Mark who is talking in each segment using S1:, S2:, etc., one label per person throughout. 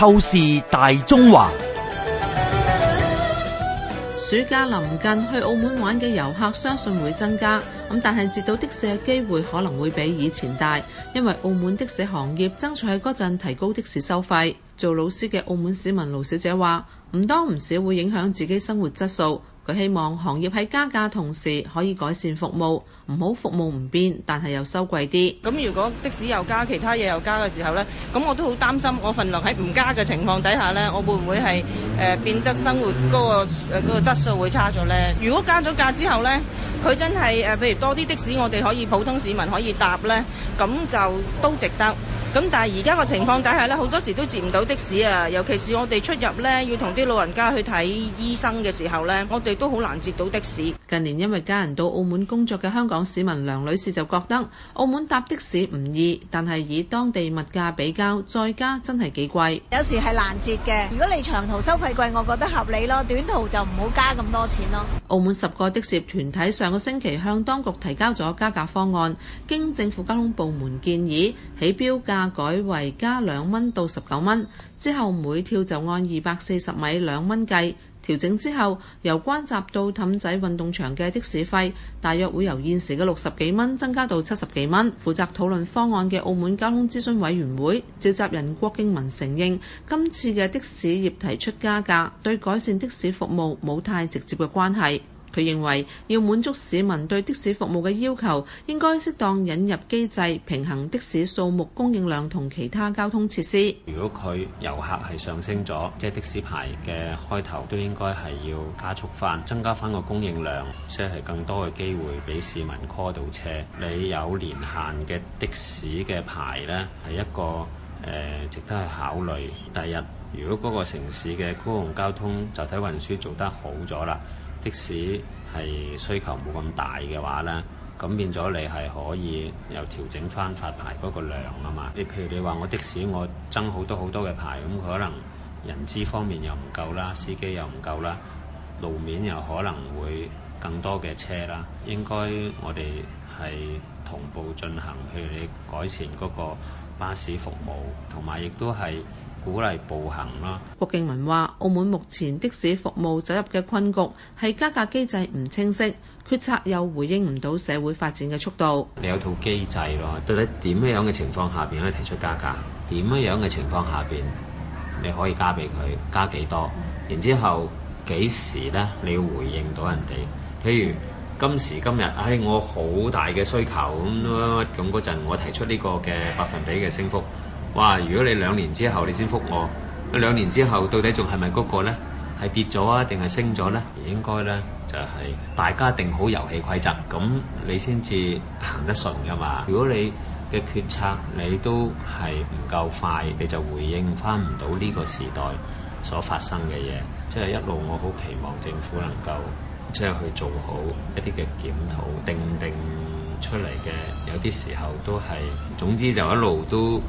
S1: 透視大中華。暑假臨近，去澳門玩嘅遊客相信會增加，咁但係截到的士嘅機會可能會比以前大，因為澳門的士行業爭取喺嗰陣提高的士收費。做老師嘅澳門市民盧小姐話：唔多唔少會影響自己生活質素。希望行業喺加價同時可以改善服務，唔好服務唔變，但係又收貴啲。咁如果的士又加，其他嘢又加嘅時候咧，咁我都好擔心，我份糧喺唔加嘅情況底下咧，我會唔會係誒、呃、變得生活嗰個誒嗰個質素會差咗咧？如果加咗價之後咧？佢真係，誒，譬如多啲的士，我哋可以普通市民可以搭咧，咁就都值得。咁但係而家個情況底下咧，好多時都接唔到的士啊，尤其是我哋出入咧，要同啲老人家去睇醫生嘅時候咧，我哋都好難接到的士。近年因為家人到澳門工作嘅香港市民梁女士就覺得，澳門搭的士唔易，但係以當地物價比較再加真係幾貴，有時係難接嘅，如果你長途收費貴，我覺得合理咯；短途就唔好加咁多錢咯。澳門十個的士團體上。上個星期向當局提交咗加價方案，經政府交通部門建議，起標價改為加兩蚊到十九蚊，之後每跳就按二百四十米兩蚊計。調整之後，由關閘到氹仔運動場嘅的，的士費，大約會由現時嘅六十幾蚊增加到七十幾蚊。負責討論方案嘅澳門交通諮詢委員會召集人郭敬文承認，今次嘅的，的士業提出加價，對改善的士服務冇太直接嘅關係。佢認為要滿足市民對的士服務嘅要求，應該適當引入機制，平衡的士數目供應量同其他交通設施。
S2: 如果佢遊客係上升咗，即係的士牌嘅開頭都應該係要加速翻，增加翻個供應量，即係更多嘅機會俾市民 call 到車。你有年限嘅的，的士嘅牌呢，係一個、呃、值得去考慮。第二，如果嗰個城市嘅公共交通、集體運輸做得好咗啦。的士係需求冇咁大嘅話咧，咁變咗你係可以又調整翻發牌嗰個量啊嘛。你譬如你話我的士我增好多好多嘅牌，咁可能人資方面又唔夠啦，司機又唔夠啦，路面又可能會更多嘅車啦。應該我哋係同步進行，譬如你改善嗰個巴士服務，同埋亦都係。鼓勵步行啦。
S1: 郭敬文話，澳門目前的士服務走入嘅困局係加價機制唔清晰，決策又回應唔到社會發展嘅速度。
S2: 你有套機制咯，到底點樣嘅情況下邊可以提出加價？點樣嘅情況下邊你可以加俾佢？加幾多？然之後幾時呢？你要回應到人哋。譬如今時今日，唉、哎，我好大嘅需求咁咁嗰陣，我提出呢個嘅百分比嘅升幅。哇！如果你兩年之後你先覆我，兩年之後到底仲係咪嗰個呢？係跌咗啊，定係升咗呢？應該呢，就係大家定好遊戲規則，咁你先至行得順㗎嘛。如果你嘅決策你都係唔夠快，你就回應返唔到呢個時代所發生嘅嘢。即係一路我好期望政府能夠即係去做好一啲嘅檢討，定定出嚟嘅有啲時候都係總之就一路都。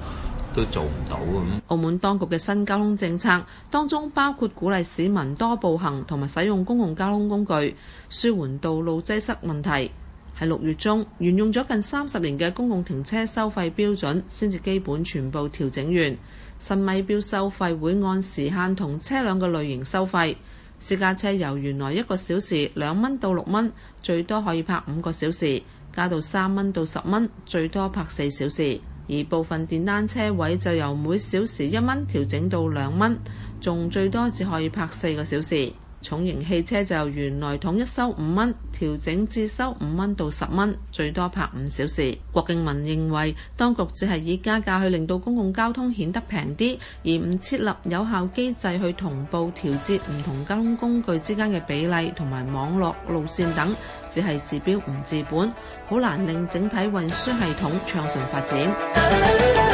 S2: 都做唔
S1: 到，澳門當局嘅新交通政策當中包括鼓勵市民多步行同埋使用公共交通工具，舒緩道路擠塞問題。喺六月中，沿用咗近三十年嘅公共停車收費標準先至基本全部調整完。新咪錶收費會按時限同車輛嘅類型收費。私家車由原來一個小時兩蚊到六蚊，最多可以泊五個小時，加到三蚊到十蚊，最多泊四小時。而部分電單車位就由每小時一蚊調整到兩蚊，仲最多只可以泊四個小時。重型汽車就原來統一收五蚊，調整至收五蚊到十蚊，最多泊五小時。郭敬文認為，當局只係以加價去令到公共交通顯得平啲，而唔設立有效機制去同步調節唔同交通工具之間嘅比例同埋網絡路線等，只係治標唔治本，好難令整體運輸系統暢順發展。